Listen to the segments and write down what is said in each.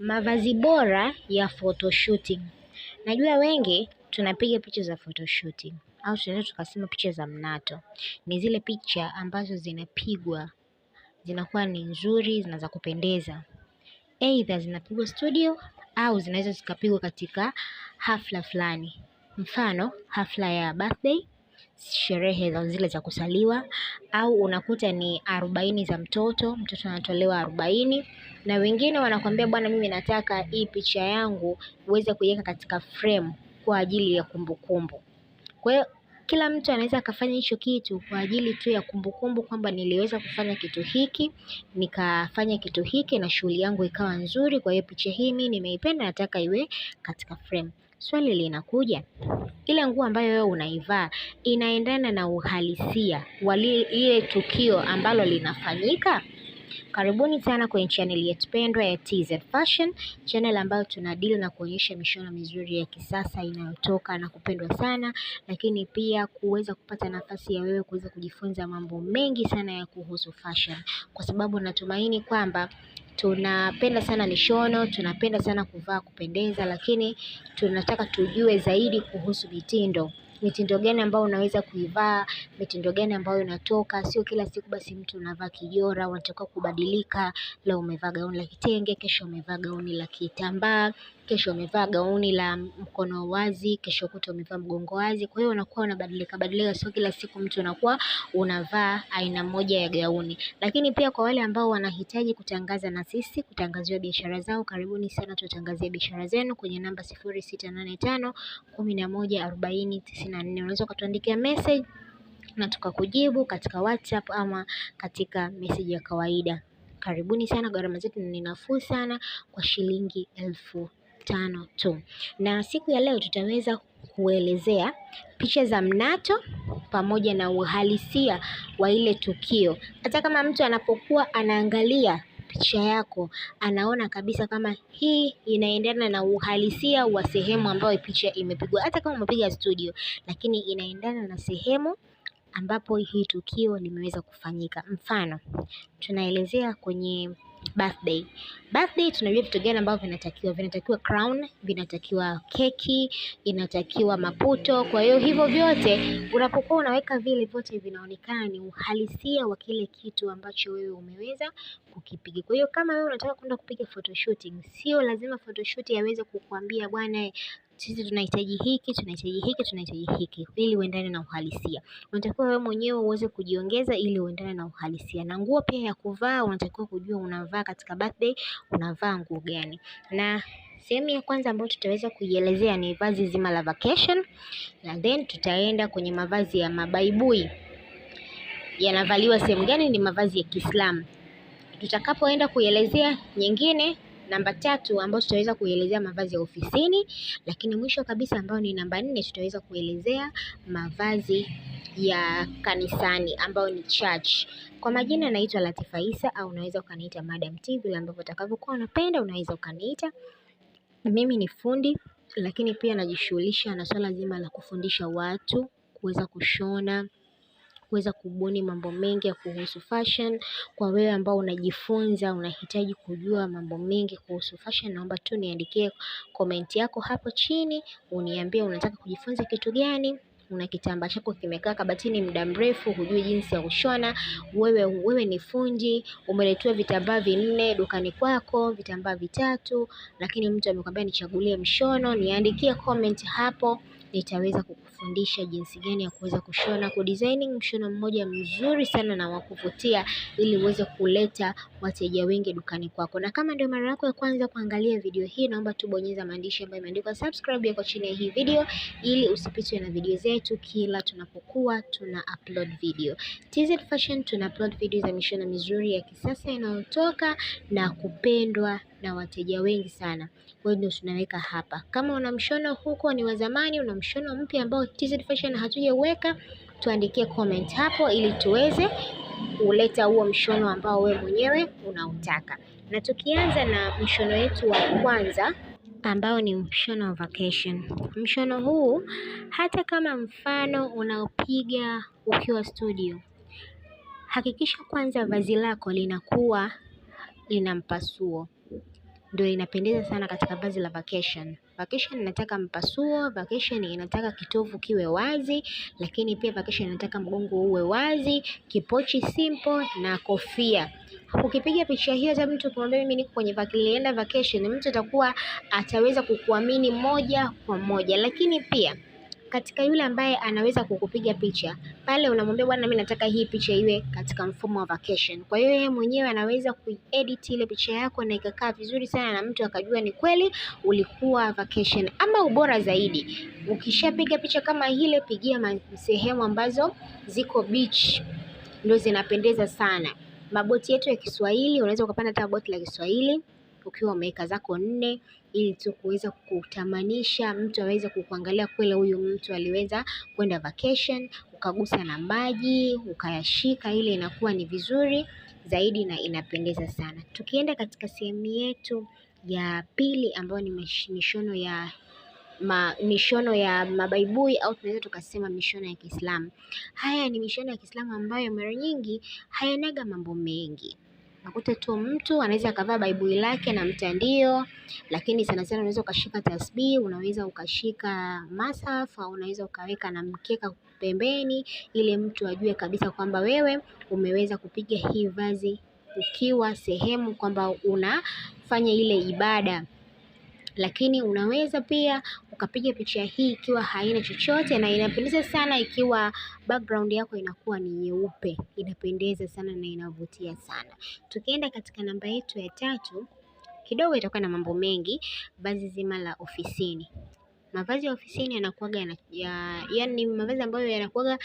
Mavazi bora ya photoshooting. Najua wengi tunapiga picha za photoshooting au tunaweza tukasema picha za mnato. Ni zile picha ambazo zinapigwa zinakuwa ni nzuri na za kupendeza. Aidha zinapigwa studio au zinaweza zikapigwa katika hafla fulani. Mfano hafla ya birthday sherehe za zile za kusaliwa au unakuta ni arobaini za mtoto, mtoto anatolewa arobaini na wengine wanakwambia bwana, mimi nataka hii picha yangu uweze kuiweka katika frame kwa ajili ya kumbukumbu. Kwa hiyo kila mtu anaweza akafanya hicho kitu kwa ajili tu ya kumbukumbu kwamba niliweza kufanya kitu hiki, nikafanya kitu hiki na shughuli yangu ikawa nzuri, kwa hiyo picha hii mimi nimeipenda nataka iwe katika frame swali linakuja, ile nguo ambayo wewe unaivaa inaendana na uhalisia wa lile tukio ambalo linafanyika? Karibuni sana kwenye channel yetu pendwa ya TZ Fashion, channel ambayo tuna deal na kuonyesha mishono mizuri ya kisasa inayotoka na kupendwa sana, lakini pia kuweza kupata nafasi ya wewe kuweza kujifunza mambo mengi sana ya kuhusu fashion, kwa sababu natumaini kwamba tunapenda sana mishono, tunapenda sana kuvaa kupendeza, lakini tunataka tujue zaidi kuhusu mitindo mitindo gani ambayo unaweza kuivaa, mitindo gani ambayo inatoka. Sio kila siku basi mtu unavaa kijora, unatakiwa kubadilika. Leo umevaa gauni la kitenge, kesho umevaa gauni la kitambaa kesho wamevaa gauni la mkono wazi, kesho kutwa wamevaa mgongo wazi. Kwa hiyo unakuwa unabadilika badilika, sio kila siku mtu unakuwa unavaa aina moja ya gauni. Lakini pia kwa wale ambao wanahitaji kutangaza na sisi kutangaziwa biashara zao, karibuni sana, tutangazia biashara zenu kwenye namba 0685 1140 94. Unaweza ukatuandikia message na tukakujibu katika WhatsApp ama katika message ya kawaida. Karibuni sana, gharama zetu ni nafuu sana kwa shilingi elfu tano tu. Na siku ya leo tutaweza kuelezea picha za mnato pamoja na uhalisia wa ile tukio. Hata kama mtu anapokuwa anaangalia picha yako anaona kabisa kama hii inaendana na uhalisia wa sehemu ambayo picha imepigwa, hata kama umepiga studio, lakini inaendana na sehemu ambapo hii tukio limeweza kufanyika. Mfano, tunaelezea kwenye birthday. Birthday tunajua vitu gani ambavyo vinatakiwa, vinatakiwa crown, vinatakiwa keki, inatakiwa maputo. Kwa hiyo hivyo vyote unapokuwa unaweka vile vyote vinaonekana ni uhalisia wa kile kitu ambacho wewe umeweza kukipiga. Kwa hiyo kama wewe unataka kwenda kupiga photoshooting, sio lazima photoshooting aweze kukuambia bwana sisi tunahitaji hiki, tunahitaji hiki, tunahitaji hiki ili uendane na uhalisia. Unatakiwa wewe mwenyewe uweze kujiongeza ili uendane na uhalisia. Na nguo pia ya kuvaa, unatakiwa kujua unavaa katika birthday unavaa nguo gani. Na sehemu ya kwanza ambayo tutaweza kuielezea ni vazi zima la vacation, na then tutaenda kwenye mavazi ya mabaibui yanavaliwa sehemu gani, ni mavazi ya Kiislamu. Tutakapoenda kuielezea nyingine Namba tatu ambayo tutaweza kuelezea mavazi ya ofisini, lakini mwisho kabisa ambayo ni namba nne tutaweza kuelezea mavazi ya kanisani ambayo ni church. Kwa majina naitwa Latifa Isa au unaweza ukaniita Madam T vile ambavyo utakavyokuwa unapenda, unaweza ukaniita. Mimi ni fundi, lakini pia najishughulisha na swala zima la kufundisha watu kuweza kushona kuweza kubuni mambo mengi ya kuhusu fashion. Kwa wewe ambao unajifunza unahitaji kujua mambo mengi kuhusu fashion, naomba tu niandikie komenti yako hapo chini, uniambie unataka kujifunza kitu gani. Una kitambaa chako kimekaa kabatini muda mrefu, hujui jinsi ya kushona. Wewe wewe ni fundi, umeletewa vitambaa vinne dukani kwako, vitambaa vitatu, lakini mtu amekwambia nichagulie mshono. Niandikie comment hapo, nitaweza kuku kufundisha jinsi gani ya kuweza kushona kudesigning mshono mmoja mzuri sana na wa kuvutia ili uweze kuleta wateja wengi dukani kwako. Na kama ndio mara yako ya kwanza kuangalia video hii, naomba tu bonyeza maandishi ambayo imeandikwa subscribe yako chini ya hii video ili usipitwe na video zetu kila tunapokuwa tuna upload video. TZ Fashion tuna upload video za mishono mizuri ya kisasa inayotoka na kupendwa na wateja wengi sana. Kwa hiyo ndio tunaweka hapa. Kama una mshono huko ni wa zamani, una mshono mpya ambao TZ Fashion hatujaweka, tuandikie comment hapo ili tuweze kuleta huo mshono ambao we mwenyewe unautaka. Na tukianza na mshono wetu wa kwanza ambao ni mshono wa vacation. Mshono huu hata kama mfano unaopiga ukiwa studio, hakikisha kwanza vazi lako linakuwa lina mpasuo ndio inapendeza sana katika vazi la vacation. Vacation inataka mpasuo, vacation inataka kitovu kiwe wazi, lakini pia vacation inataka mgongo uwe wazi, kipochi simple na kofia. Ukipiga picha hiyo, hata mtu ukimwambia mimi niko kwenye vacation, mtu atakuwa ataweza kukuamini moja kwa moja, lakini pia katika yule ambaye anaweza kukupiga picha pale, unamwambia bwana, mimi nataka hii picha iwe katika mfumo wa vacation. Kwa hiyo yeye mwenyewe anaweza kuedit ile picha yako na ikakaa vizuri sana, na mtu akajua ni kweli ulikuwa vacation. Ama ubora zaidi, ukishapiga picha kama ile, pigia sehemu ambazo ziko beach, ndio zinapendeza sana. Maboti yetu ya Kiswahili, unaweza ukapanda hata boti la Kiswahili ukiwa umeweka zako nne ili tu kuweza kutamanisha mtu aweze kukuangalia kweli huyu mtu aliweza kwenda vacation, ukagusa na maji ukayashika, ile inakuwa ni vizuri zaidi na inapendeza sana. Tukienda katika sehemu yetu ya pili ambayo ni mishono ya ma, mishono ya mabaibui au tunaweza tukasema mishono ya Kiislamu. Haya ni mishono ya Kiislamu ambayo mara nyingi hayanaga mambo mengi Nakuta tu mtu anaweza akavaa baibui lake na mtandio, lakini sana sana unaweza ukashika tasbihi, unaweza ukashika masaf au unaweza ukaweka na mkeka pembeni, ili mtu ajue kabisa kwamba wewe umeweza kupiga hii vazi ukiwa sehemu kwamba unafanya ile ibada lakini unaweza pia ukapiga picha hii ikiwa haina chochote, na inapendeza sana ikiwa background yako inakuwa ni nyeupe, inapendeza sana na inavutia sana. Tukienda katika namba yetu ya tatu, kidogo itakuwa na mambo mengi, vazi zima la ofisini. Mavazi ya ofisini yanakuwaga ya, yani mavazi ambayo yanakuwaga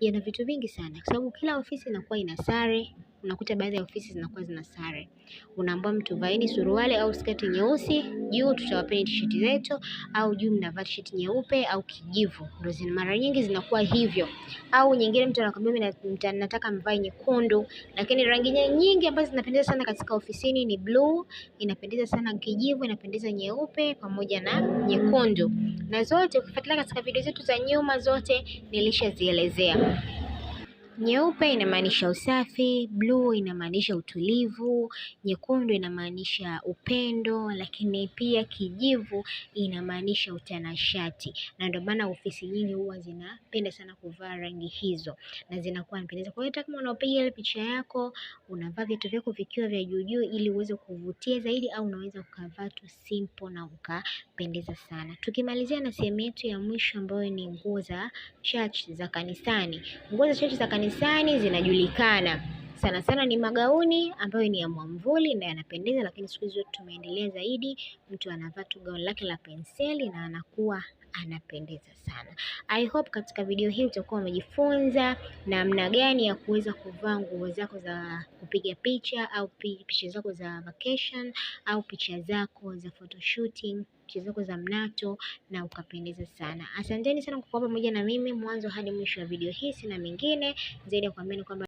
yana vitu vingi sana, kwa sababu kila ofisi inakuwa ina sare unakuta baadhi ya ofisi zinakuwa zina sare, unaambua mtu vaeni suruali au sketi nyeusi, juu tutawapeni tisheti zetu, au juu mnavaa tisheti nyeupe au kijivu, ndio zina mara nyingi zinakuwa hivyo. Au nyingine mtu anakwambia mimi nataka mvae nyekundu, lakini rangi nyingi ambazo zinapendeza sana katika ofisini ni blue, inapendeza sana kijivu, inapendeza nyeupe pamoja na nyekundu, na zote ukifuatilia katika video zetu za nyuma, zote nilishazielezea. Nyeupe inamaanisha usafi, bluu inamaanisha utulivu, nyekundu inamaanisha upendo, lakini pia kijivu inamaanisha utanashati. Na ndio maana ofisi nyingi huwa zinapenda sana kuvaa rangi hizo na zinakuwa zinapendeza. Kwa hiyo hata kama unapiga ile picha yako unavaa vitu vyako vikiwa vya juu juu ili uweze kuvutia zaidi au unaweza ukavaa tu simple na ukapendeza sana. Tukimalizia na sehemu yetu ya mwisho ambayo ni nguo za church za kanisani. Nguo za church za kanisani kanisani zinajulikana sana sana ni magauni ambayo ni ya mwamvuli na yanapendeza, lakini siku hizi tumeendelea zaidi, mtu anavaa tu gauni lake la penseli na anakuwa anapendeza sana. I hope katika video hii utakuwa umejifunza namna gani ya kuweza kuvaa nguo zako za kupiga picha au picha zako za vacation au picha zako za photoshooting picha zako za mnato na ukapendeza sana. Asanteni sana kwa kuwa pamoja na mimi mwanzo hadi mwisho wa video hii. Sina mingine zaidi ya kuambiani kwamba